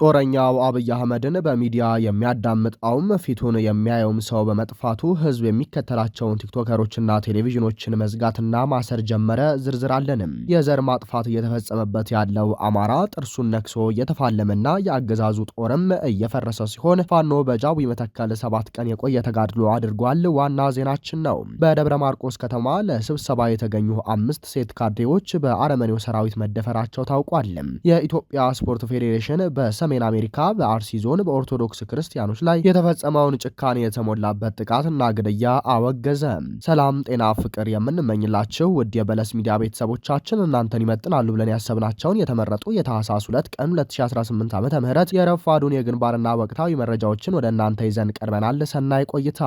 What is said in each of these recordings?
ጦረኛው አብይ አህመድን በሚዲያ የሚያዳምጣውም ፊቱን የሚያየውም ሰው በመጥፋቱ ህዝብ የሚከተላቸውን ቲክቶከሮችና ቴሌቪዥኖችን መዝጋትና ማሰር ጀመረ። ዝርዝር አለንም። የዘር ማጥፋት እየተፈጸመበት ያለው አማራ ጥርሱን ነክሶ እየተፋለመና የአገዛዙ ጦርም እየፈረሰ ሲሆን ፋኖ በጃዊ መተከል ሰባት ቀን የቆየ ተጋድሎ አድርጓል። ዋና ዜናችን ነው። በደብረ ማርቆስ ከተማ ለስብሰባ የተገኙ አምስት ሴት ካድሬዎች በአረመኔው ሰራዊት መደፈራቸው ታውቋል። የኢትዮጵያ ስፖርት ፌዴሬሽን በሰ በሰሜን አሜሪካ በአርሲ ዞን በኦርቶዶክስ ክርስቲያኖች ላይ የተፈጸመውን ጭካኔ የተሞላበት እና ግድያ አወገዘ። ሰላም፣ ጤና፣ ፍቅር የምንመኝላችሁ ውድ የበለስ ሚዲያ ቤተሰቦቻችን እናንተን ይመጥናሉ ብለን ያሰብናቸውን የተመረጡ የታህሳስ ሁለት ቀን 2018 ዓ ም የረፋዱን የግንባርና ወቅታዊ መረጃዎችን ወደ እናንተ ይዘን ቀርበናል። ሰናይ ቆይታ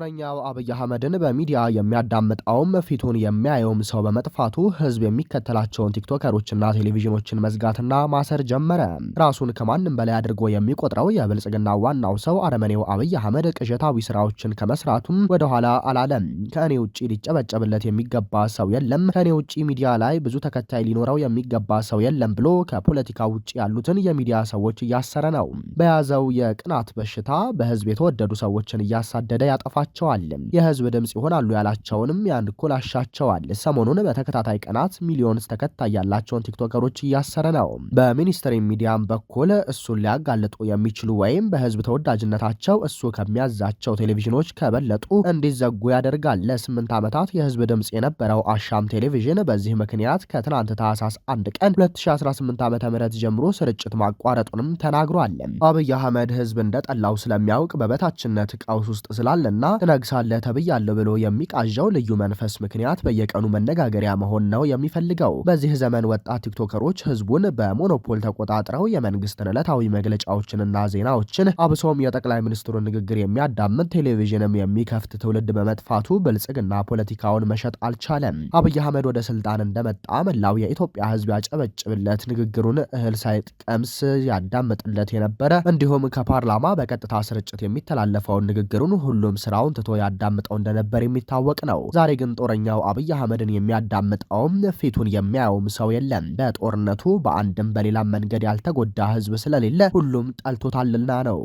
ነውረኛው አብይ አህመድን በሚዲያ የሚያዳምጣውም ፊቱን የሚያየውም ሰው በመጥፋቱ ህዝብ የሚከተላቸውን ቲክቶከሮችና ቴሌቪዥኖችን መዝጋትና ማሰር ጀመረ። ራሱን ከማንም በላይ አድርጎ የሚቆጥረው የብልጽግና ዋናው ሰው አረመኔው አብይ አህመድ ቅዠታዊ ስራዎችን ከመስራቱም ወደኋላ አላለም። ከእኔ ውጭ ሊጨበጨብለት የሚገባ ሰው የለም፣ ከእኔ ውጭ ሚዲያ ላይ ብዙ ተከታይ ሊኖረው የሚገባ ሰው የለም ብሎ ከፖለቲካ ውጭ ያሉትን የሚዲያ ሰዎች እያሰረ ነው። በያዘው የቅናት በሽታ በህዝብ የተወደዱ ሰዎችን እያሳደደ ያጠፋቸው ያላቸዋል። የህዝብ ድምፅ ይሆናሉ ያላቸውንም ያንኮላሻቸዋል። ሰሞኑን በተከታታይ ቀናት ሚሊዮንስ ተከታይ ያላቸውን ቲክቶከሮች እያሰረ ነው። በሚኒስትሪ ሚዲያም በኩል እሱን ሊያጋልጡ የሚችሉ ወይም በህዝብ ተወዳጅነታቸው እሱ ከሚያዛቸው ቴሌቪዥኖች ከበለጡ እንዲዘጉ ያደርጋል። ለስምንት ዓመታት የህዝብ ድምፅ የነበረው አሻም ቴሌቪዥን በዚህ ምክንያት ከትናንት ታህሳስ አንድ ቀን 2018 ዓ ም ጀምሮ ስርጭት ማቋረጡንም ተናግሯል። አብይ አህመድ ህዝብ እንደጠላው ስለሚያውቅ በበታችነት ቀውስ ውስጥ ስላለና ትነግሳለህ ተብያለሁ ብሎ የሚቃዣው ልዩ መንፈስ ምክንያት በየቀኑ መነጋገሪያ መሆን ነው የሚፈልገው። በዚህ ዘመን ወጣት ቲክቶከሮች ህዝቡን በሞኖፖል ተቆጣጥረው የመንግስትን ዕለታዊ መግለጫዎችንና ዜናዎችን አብሶም የጠቅላይ ሚኒስትሩን ንግግር የሚያዳምጥ ቴሌቪዥንም የሚከፍት ትውልድ በመጥፋቱ ብልጽግና ፖለቲካውን መሸጥ አልቻለም። አብይ አህመድ ወደ ስልጣን እንደመጣ መላው የኢትዮጵያ ህዝብ ያጨበጭብለት፣ ንግግሩን እህል ሳይቀምስ ያዳምጥለት የነበረ እንዲሁም ከፓርላማ በቀጥታ ስርጭት የሚተላለፈውን ንግግሩን ሁሉም ስራ ስራውን ትቶ ያዳምጠው እንደነበር የሚታወቅ ነው። ዛሬ ግን ጦረኛው አብይ አህመድን የሚያዳምጠውም ፊቱን የሚያየውም ሰው የለም። በጦርነቱ በአንድም በሌላም መንገድ ያልተጎዳ ህዝብ ስለሌለ ሁሉም ጠልቶታልና ነው።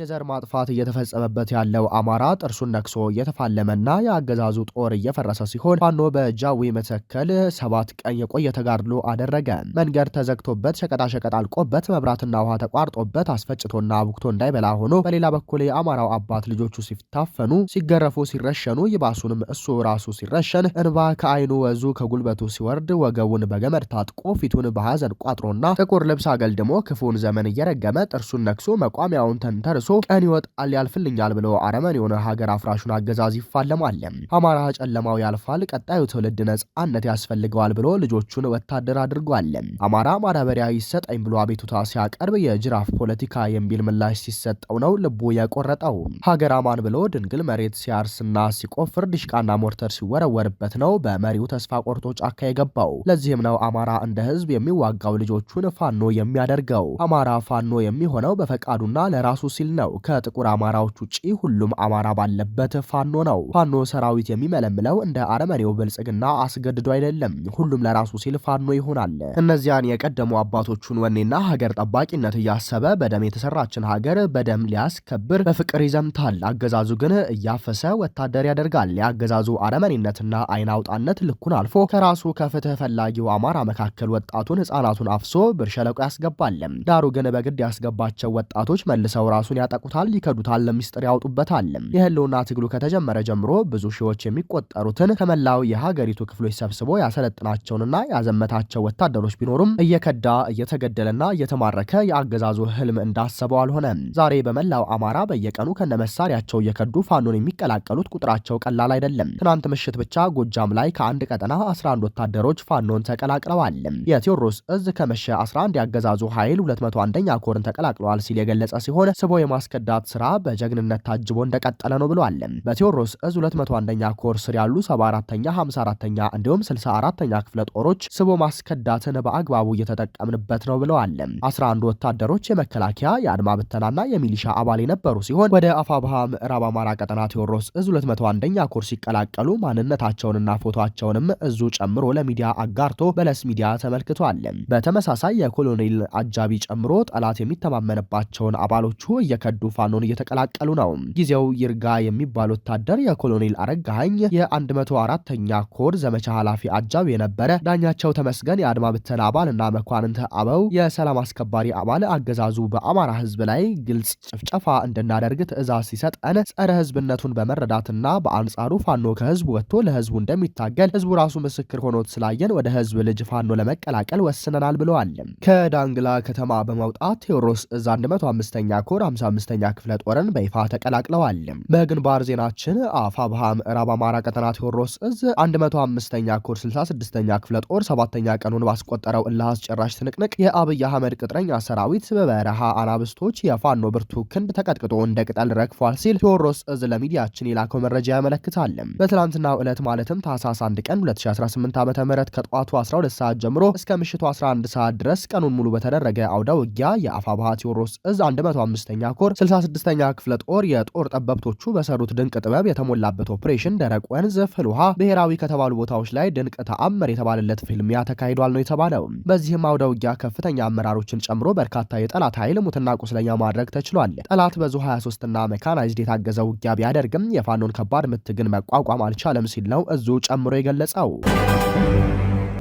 የዘር ማጥፋት እየተፈጸመበት ያለው አማራ ጥርሱን ነክሶ እየተፋለመና የአገዛዙ ጦር እየፈረሰ ሲሆን ፋኖ በጃዊ መተከል ሰባት ቀን የቆየ ተጋድሎ አደረገ። መንገድ ተዘግቶበት፣ ሸቀጣሸቀጥ አልቆበት፣ መብራትና ውሃ ተቋርጦበት አስፈጭቶና አቡክቶ እንዳይበላ ሆኖ፣ በሌላ በኩል የአማራው አባት ልጆቹ ሲታፈኑ፣ ሲገረፉ፣ ሲረሸኑ ይባሱንም እሱ ራሱ ሲረሸን እንባ ከአይኑ ወዙ ከጉልበቱ ሲወርድ ወገቡን በገመድ ታጥቆ ፊቱን በሐዘን ቋጥሮና ጥቁር ልብስ አገልድሞ ክፉን ዘመን እየረገመ ጥርሱን ነክሶ መቋሚያውን ተንተርሶ ቀን ይወጣል ያልፍልኛል ብሎ አረመን የሆነ ሀገር አፍራሹን አገዛዝ ይፋለማል። አማራ ጨለማው ያልፋል፣ ቀጣዩ ትውልድ ነጻነት ያስፈልገዋል ብሎ ልጆቹን ወታደር አድርጓል። አማራ ማዳበሪያ ይሰጠኝ ብሎ አቤቱታ ሲያቀርብ የጅራፍ ፖለቲካ የሚል ምላሽ ሲሰጠው ነው ልቡ የቆረጠው። ሀገር አማን ብሎ ድንግል መሬት ሲያርስና ሲቆፍር ድሽቃና ሞርተር ሲወረወርበት ነው በመሪው ተስፋ ቆርጦ ጫካ የገባው። ለዚህም ነው አማራ እንደ ህዝብ የሚዋጋው ልጆቹን ፋኖ የሚያደርገው። አማራ ፋኖ የሚሆነው በፈቃዱና ለራሱ ሲል ነው። ከጥቁር አማራዎች ውጪ ሁሉም አማራ ባለበት ፋኖ ነው። ፋኖ ሰራዊት የሚመለምለው እንደ አረመኔው ብልጽግና አስገድዶ አይደለም። ሁሉም ለራሱ ሲል ፋኖ ይሆናል። እነዚያን የቀደሙ አባቶቹን ወኔና ሀገር ጠባቂነት እያሰበ በደም የተሰራችን ሀገር በደም ሊያስከብር በፍቅር ይዘምታል። አገዛዙ ግን እያፈሰ ወታደር ያደርጋል። የአገዛዙ አረመኔነትና አይን አውጣነት ልኩን አልፎ ከራሱ ከፍትህ ፈላጊው አማራ መካከል ወጣቱን ህጻናቱን አፍሶ ብር ሸለቆ ያስገባል። ዳሩ ግን በግድ ያስገባቸው ወጣቶች መልሰው ራሱን ያጠቁታል፣ ይከዱታል፣ ለሚስጥር ያወጡበታል። የህልውና ትግሉ ከተጀመረ ጀምሮ ብዙ ሺዎች የሚቆጠሩትን ከመላው የሀገሪቱ ክፍሎች ሰብስቦ ያሰለጥናቸውንና ያዘመታቸው ወታደሮች ቢኖሩም እየከዳ እየተገደለና እየተማረከ የአገዛዙ ህልም እንዳሰበው አልሆነም። ዛሬ በመላው አማራ በየቀኑ ከነመሳሪያቸው እየከዱ ፋኖን የሚቀላቀሉት ቁጥራቸው ቀላል አይደለም። ትናንት ምሽት ብቻ ጎጃም ላይ ከአንድ ቀጠና 11 ወታደሮች ፋኖን ተቀላቅለዋል። የቴዎድሮስ እዝ ከመሸ 11 ያገዛዙ ኃይል 201ኛ ኮርን ተቀላቅለዋል ሲል የገለጸ ሲሆን ስቦ የማ የማስከዳት ስራ በጀግንነት ታጅቦ እንደቀጠለ ነው ብለዋል። በቴዎድሮስ እዝ 201ኛ ኮር ስር ያሉ 74 ተኛ 54 ተኛ እንዲሁም 64 ተኛ ክፍለ ጦሮች ስቦ ማስከዳትን በአግባቡ እየተጠቀምንበት ነው ብለዋል። 11 ወታደሮች የመከላከያ የአድማ ብተናና የሚሊሻ አባል የነበሩ ሲሆን ወደ አፋብሃ ምዕራብ አማራ ቀጠና ቴዎድሮስ እዝ 201ኛ ኮር ሲቀላቀሉ ማንነታቸውንና ፎቶቸውንም እዙ ጨምሮ ለሚዲያ አጋርቶ በለስ ሚዲያ ተመልክቷል። በተመሳሳይ የኮሎኔል አጃቢ ጨምሮ ጠላት የሚተማመንባቸውን አባሎቹ እየከ እየቀዱ ፋኖን እየተቀላቀሉ ነው። ጊዜው ይርጋ የሚባል ወታደር የኮሎኔል አረጋኸኝ የ104ኛ ኮር ዘመቻ ኃላፊ አጃብ የነበረ፣ ዳኛቸው ተመስገን የአድማ ብተና አባል እና መኳንንት አበው የሰላም አስከባሪ አባል፣ አገዛዙ በአማራ ህዝብ ላይ ግልጽ ጭፍጨፋ እንድናደርግ ትዕዛዝ ሲሰጠን ጸረ ህዝብነቱን በመረዳትና በአንጻሩ ፋኖ ከህዝብ ወጥቶ ለህዝቡ እንደሚታገል ህዝቡ ራሱ ምስክር ሆኖ ስላየን ወደ ህዝብ ልጅ ፋኖ ለመቀላቀል ወስነናል ብለዋል። ከዳንግላ ከተማ በመውጣት ቴዎድሮስ እዝ 15ኛ ኮር 55 አምስተኛ ክፍለ ጦርን በይፋ ተቀላቅለዋል። በግንባር ዜናችን አፋ ምዕራብ አማራ ቀጠና ቴዎድሮስ እዝ 105ኛ ኮር 66ኛ ክፍለ ጦር ሰባተኛ ቀኑን ባስቆጠረው እልህ አስጨራሽ ትንቅንቅ የአብይ አህመድ ቅጥረኛ ሰራዊት በበረሃ አናብስቶች የፋኖ ብርቱ ክንድ ተቀጥቅጦ እንደ ቅጠል ረግፏል ሲል ቴዎድሮስ እዝ ለሚዲያችን የላከው መረጃ ያመለክታል። በትላንትናው ዕለት ማለትም ታህሳስ 1 ቀን 2018 ዓ ም ከጠዋቱ 12 ሰዓት ጀምሮ እስከ ምሽቱ 11 ሰዓት ድረስ ቀኑን ሙሉ በተደረገ አውደ ውጊያ የአፋ ባሃ ቴዎድሮስ እዝ 105ኛ ኮር ኮር 66ኛ ክፍለ ጦር የጦር ጠበብቶቹ በሰሩት ድንቅ ጥበብ የተሞላበት ኦፕሬሽን ደረቅ ወንዝ፣ ፍል ውሃ፣ ብሔራዊ ከተባሉ ቦታዎች ላይ ድንቅ ተአምር የተባለለት ፊልሚያ ተካሂዷል ነው የተባለው። በዚህም አውደ ውጊያ ከፍተኛ አመራሮችን ጨምሮ በርካታ የጠላት ኃይል ሙትና ቁስለኛ ማድረግ ተችሏል። ጠላት በዙ 23ና መካናይዝድ የታገዘ ውጊያ ቢያደርግም የፋኖን ከባድ ምት ግን መቋቋም አልቻለም ሲል ነው እዙ ጨምሮ የገለጸው።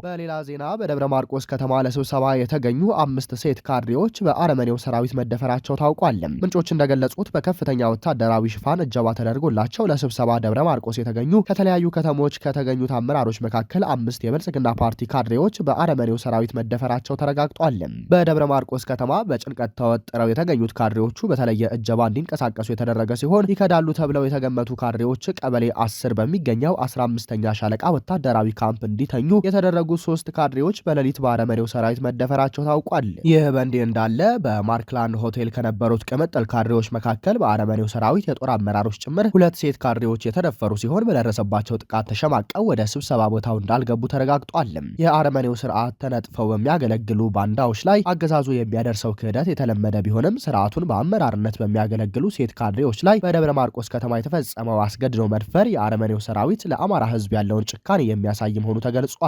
በሌላ ዜና በደብረ ማርቆስ ከተማ ለስብሰባ የተገኙ አምስት ሴት ካድሬዎች በአረመኔው ሰራዊት መደፈራቸው ታውቋል። ምንጮች እንደገለጹት በከፍተኛ ወታደራዊ ሽፋን እጀባ ተደርጎላቸው ለስብሰባ ደብረ ማርቆስ የተገኙ ከተለያዩ ከተሞች ከተገኙት አመራሮች መካከል አምስት የብልጽግና ፓርቲ ካድሬዎች በአረመኔው ሰራዊት መደፈራቸው ተረጋግጧል። በደብረ ማርቆስ ከተማ በጭንቀት ተወጥረው የተገኙት ካድሬዎቹ በተለየ እጀባ እንዲንቀሳቀሱ የተደረገ ሲሆን ይከዳሉ ተብለው የተገመቱ ካድሬዎች ቀበሌ አስር በሚገኘው አስራ አምስተኛ ሻለቃ ወታደራዊ ካምፕ እንዲተኙ የተደረጉ የተደረጉ ሶስት ካድሬዎች በሌሊት ባረመኔው ሰራዊት መደፈራቸው ታውቋል። ይህ በእንዲህ እንዳለ በማርክላንድ ሆቴል ከነበሩት ቅምጥል ካድሬዎች መካከል በአረመኔው ሰራዊት የጦር አመራሮች ጭምር ሁለት ሴት ካድሬዎች የተደፈሩ ሲሆን በደረሰባቸው ጥቃት ተሸማቀው ወደ ስብሰባ ቦታው እንዳልገቡ ተረጋግጧል። የአረመኔው ስርዓት ተነጥፈው በሚያገለግሉ ባንዳዎች ላይ አገዛዙ የሚያደርሰው ክህደት የተለመደ ቢሆንም ስርዓቱን በአመራርነት በሚያገለግሉ ሴት ካድሬዎች ላይ በደብረ ማርቆስ ከተማ የተፈጸመው አስገድዶ መድፈር የአረመኔው ሰራዊት ለአማራ ሕዝብ ያለውን ጭካኔ የሚያሳይ መሆኑ ተገልጿል።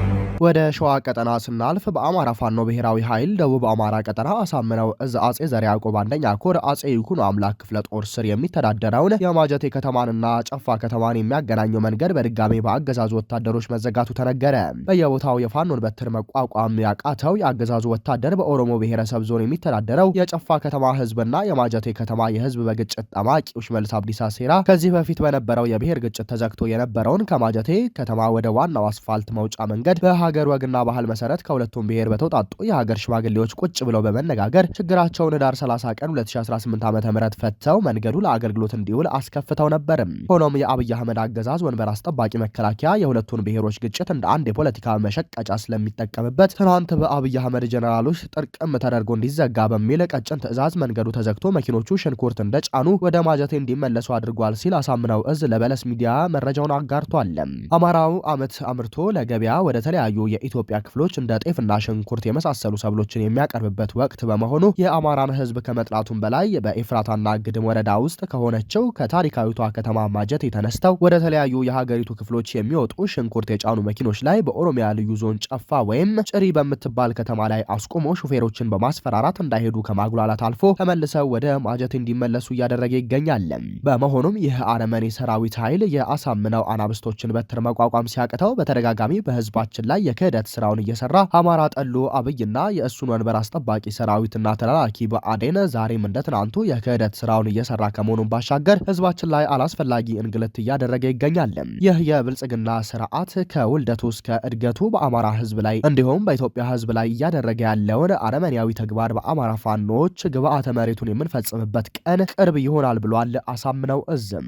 ወደ ሸዋ ቀጠና ስናልፍ በአማራ ፋኖ ብሔራዊ ኃይል ደቡብ አማራ ቀጠና አሳምነው እዝ አጼ ዘር ያዕቆብ አንደኛ ኮር አጼ ይኩኖ አምላክ ክፍለ ጦር ስር የሚተዳደረውን የማጀቴ ከተማንና ጨፋ ከተማን የሚያገናኘው መንገድ በድጋሜ በአገዛዙ ወታደሮች መዘጋቱ ተነገረ። በየቦታው የፋኖን በትር መቋቋም ያቃተው የአገዛዙ ወታደር በኦሮሞ ብሔረሰብ ዞን የሚተዳደረው የጨፋ ከተማ ህዝብና የማጀቴ ከተማ የህዝብ በግጭት ጠማቂዎች መልስ አብዲሳ ሴራ ከዚህ በፊት በነበረው የብሔር ግጭት ተዘግቶ የነበረውን ከማጀቴ ከተማ ወደ ዋናው አስፋልት መውጫ መንገድ በሀ በሀገር ወግና ባህል መሰረት ከሁለቱም ብሔር በተውጣጡ የሀገር ሽማግሌዎች ቁጭ ብለው በመነጋገር ችግራቸውን ህዳር 30 ቀን 2018 ዓ ም ፈተው መንገዱ ለአገልግሎት እንዲውል አስከፍተው ነበርም። ሆኖም የአብይ አህመድ አገዛዝ ወንበር አስጠባቂ መከላከያ የሁለቱን ብሔሮች ግጭት እንደ አንድ የፖለቲካ መሸቀጫ ስለሚጠቀምበት ትናንት በአብይ አህመድ ጀነራሎች ጥርቅም ተደርጎ እንዲዘጋ በሚል ቀጭን ትዕዛዝ መንገዱ ተዘግቶ መኪኖቹ ሽንኩርት እንደጫኑ ወደ ማጀቴ እንዲመለሱ አድርጓል ሲል አሳምነው እዝ ለበለስ ሚዲያ መረጃውን አጋርቷል። አማራው አመት አምርቶ ለገበያ ወደ ተለያዩ የተለያዩ የኢትዮጵያ ክፍሎች እንደ ጤፍና ሽንኩርት የመሳሰሉ ሰብሎችን የሚያቀርብበት ወቅት በመሆኑ የአማራን ህዝብ ከመጥላቱም በላይ በኤፍራታና ግድም ወረዳ ውስጥ ከሆነችው ከታሪካዊቷ ከተማ ማጀት የተነስተው ወደ ተለያዩ የሀገሪቱ ክፍሎች የሚወጡ ሽንኩርት የጫኑ መኪኖች ላይ በኦሮሚያ ልዩ ዞን ጨፋ ወይም ጭሪ በምትባል ከተማ ላይ አስቁሞ ሹፌሮችን በማስፈራራት እንዳይሄዱ ከማጉላላት አልፎ ተመልሰው ወደ ማጀት እንዲመለሱ እያደረገ ይገኛል። በመሆኑም ይህ አረመኔ ሰራዊት ኃይል የአሳምነው አናብስቶችን በትር መቋቋም ሲያቅተው በተደጋጋሚ በህዝባችን ላይ የክህደት ስራውን እየሰራ አማራ ጠሉ አብይና የእሱን ወንበር አስጠባቂ ሰራዊትና ተላላኪ በአዴን ዛሬም እንደ ትናንቱ የክህደት ስራውን እየሰራ ከመሆኑን ባሻገር ህዝባችን ላይ አላስፈላጊ እንግልት እያደረገ ይገኛል። ይህ የብልጽግና ስርዓት ከውልደቱ እስከ እድገቱ በአማራ ህዝብ ላይ እንዲሁም በኢትዮጵያ ህዝብ ላይ እያደረገ ያለውን አረመኔያዊ ተግባር በአማራ ፋኖዎች ግብአተ መሬቱን የምንፈጽምበት ቀን ቅርብ ይሆናል ብሏል። አሳምነው እዝም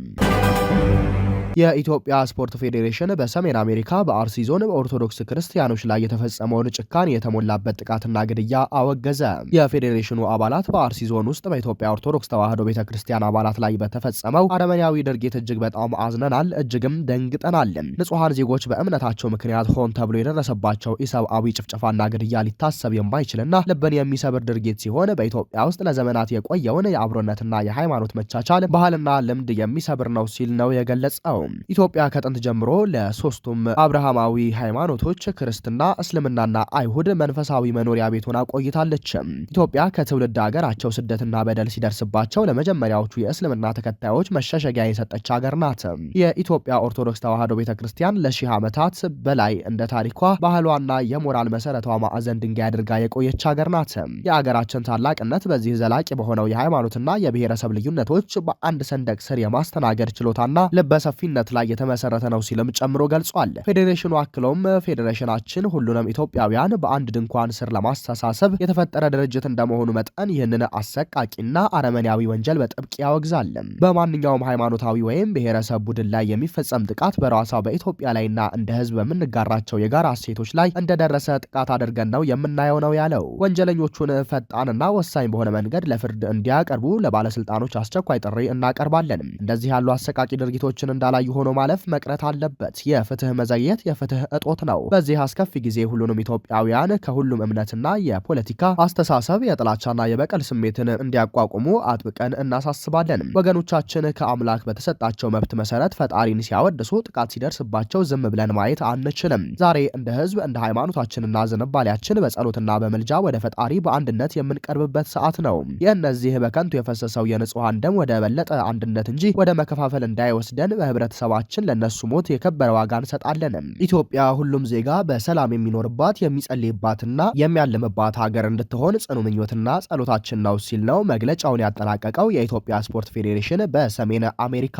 የኢትዮጵያ ስፖርት ፌዴሬሽን በሰሜን አሜሪካ በአርሲ ዞን በኦርቶዶክስ ክርስቲያኖች ላይ የተፈጸመውን ጭካን የተሞላበት ጥቃትና ግድያ አወገዘ። የፌዴሬሽኑ አባላት በአርሲ ዞን ውስጥ በኢትዮጵያ ኦርቶዶክስ ተዋሕዶ ቤተ ክርስቲያን አባላት ላይ በተፈጸመው አረመኔያዊ ድርጊት እጅግ በጣም አዝነናል፣ እጅግም ደንግጠናል። ንጹሐን ዜጎች በእምነታቸው ምክንያት ሆን ተብሎ የደረሰባቸው ኢሰብአዊ ጭፍጨፋና ግድያ ሊታሰብ የማይችልና ልብን የሚሰብር ድርጊት ሲሆን በኢትዮጵያ ውስጥ ለዘመናት የቆየውን የአብሮነትና የሃይማኖት መቻቻል ባህልና ልምድ የሚሰብር ነው ሲል ነው የገለጸው። ነው። ኢትዮጵያ ከጥንት ጀምሮ ለሶስቱም አብርሃማዊ ሃይማኖቶች ክርስትና፣ እስልምናና አይሁድ መንፈሳዊ መኖሪያ ቤት ሆና ቆይታለች። ኢትዮጵያ ከትውልድ ሀገራቸው ስደትና በደል ሲደርስባቸው ለመጀመሪያዎቹ የእስልምና ተከታዮች መሸሸጊያ የሰጠች ሀገር ናት። የኢትዮጵያ ኦርቶዶክስ ተዋሕዶ ቤተ ክርስቲያን ለሺህ ዓመታት በላይ እንደ ታሪኳ ባህሏና የሞራል መሰረቷ ማዕዘን ድንጋይ አድርጋ የቆየች ሀገር ናት። የአገራችን ታላቅነት በዚህ ዘላቂ በሆነው የሃይማኖትና የብሔረሰብ ልዩነቶች በአንድ ሰንደቅ ስር የማስተናገድ ችሎታና ልበሰፊ ስምምነት ላይ የተመሰረተ ነው ሲልም ጨምሮ ገልጿል። ፌዴሬሽኑ አክሎም ፌዴሬሽናችን ሁሉንም ኢትዮጵያውያን በአንድ ድንኳን ስር ለማስተሳሰብ የተፈጠረ ድርጅት እንደመሆኑ መጠን ይህንን አሰቃቂና አረመኔያዊ ወንጀል በጥብቅ ያወግዛል። በማንኛውም ሃይማኖታዊ ወይም ብሔረሰብ ቡድን ላይ የሚፈጸም ጥቃት በራሷ በኢትዮጵያ ላይና እንደ ህዝብ በምንጋራቸው የጋራ እሴቶች ላይ እንደደረሰ ጥቃት አድርገን ነው የምናየው ነው ያለው። ወንጀለኞቹን ፈጣንና ወሳኝ በሆነ መንገድ ለፍርድ እንዲያቀርቡ ለባለስልጣኖች አስቸኳይ ጥሪ እናቀርባለን። እንደዚህ ያሉ አሰቃቂ ድርጊቶችን እንዳላ ተከራዩ ሆኖ ማለፍ መቅረት አለበት። የፍትህ መዘግየት የፍትህ እጦት ነው። በዚህ አስከፊ ጊዜ ሁሉንም ኢትዮጵያውያን ከሁሉም እምነትና የፖለቲካ አስተሳሰብ የጥላቻና የበቀል ስሜትን እንዲያቋቁሙ አጥብቀን እናሳስባለን። ወገኖቻችን ከአምላክ በተሰጣቸው መብት መሰረት ፈጣሪን ሲያወድሱ፣ ጥቃት ሲደርስባቸው ዝም ብለን ማየት አንችልም። ዛሬ እንደ ህዝብ እንደ ሃይማኖታችንና ዝንባሌያችን በጸሎትና በምልጃ ወደ ፈጣሪ በአንድነት የምንቀርብበት ሰዓት ነው። የእነዚህ በከንቱ የፈሰሰው የንጹሐን ደም ወደ በለጠ አንድነት እንጂ ወደ መከፋፈል እንዳይወስደን በህብረት ህብረተሰባችን ለእነሱ ሞት የከበረ ዋጋ እንሰጣለንም። ኢትዮጵያ ሁሉም ዜጋ በሰላም የሚኖርባት የሚጸልይባትና የሚያልምባት ሀገር እንድትሆን ጽኑ ምኞትና ጸሎታችን ነው ሲል ነው መግለጫውን ያጠናቀቀው የኢትዮጵያ ስፖርት ፌዴሬሽን በሰሜን አሜሪካ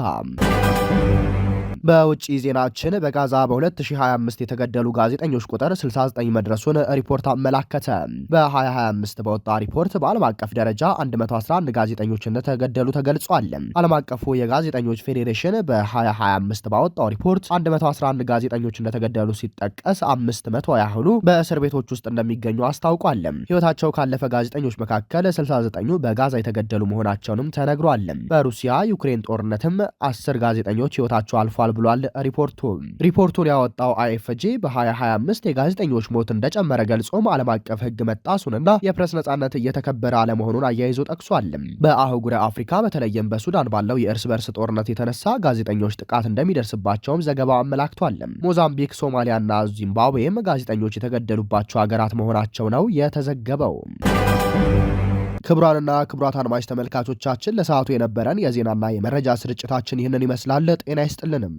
በውጭ ዜናችን በጋዛ በ2025 የተገደሉ ጋዜጠኞች ቁጥር 69 መድረሱን ሪፖርት አመላከተ። በ2025 በወጣ ሪፖርት በዓለም አቀፍ ደረጃ 111 ጋዜጠኞች እንደተገደሉ ተገልጿል። ዓለም አቀፉ የጋዜጠኞች ፌዴሬሽን በ2025 ባወጣው ሪፖርት 111 ጋዜጠኞች እንደተገደሉ ሲጠቀስ አምስት መቶ ያህሉ በእስር ቤቶች ውስጥ እንደሚገኙ አስታውቋል። ሕይወታቸው ካለፈ ጋዜጠኞች መካከል 69 በጋዛ የተገደሉ መሆናቸውንም ተነግሯል። በሩሲያ ዩክሬን ጦርነትም አስር ጋዜጠኞች ሕይወታቸው አልፏል ብሏል ሪፖርቱ። ሪፖርቱን ያወጣው አይኤፍጂ በ2025 የጋዜጠኞች ሞት እንደጨመረ ገልጾም ዓለም አቀፍ ሕግ መጣሱንና የፕሬስ ነጻነት እየተከበረ አለመሆኑን አያይዞ ጠቅሷል። በአህጉረ አፍሪካ በተለይም በሱዳን ባለው የእርስ በርስ ጦርነት የተነሳ ጋዜጠኞች ጥቃት እንደሚደርስባቸውም ዘገባው አመላክቷል። ሞዛምቢክ፣ ሶማሊያና ዚምባብዌም ጋዜጠኞች የተገደሉባቸው ሀገራት መሆናቸው ነው የተዘገበው። ክቡራንና ክቡራት አድማጭ ተመልካቾቻችን ለሰዓቱ የነበረን የዜናና የመረጃ ስርጭታችን ይህንን ይመስላል። ጤና ይስጥልንም።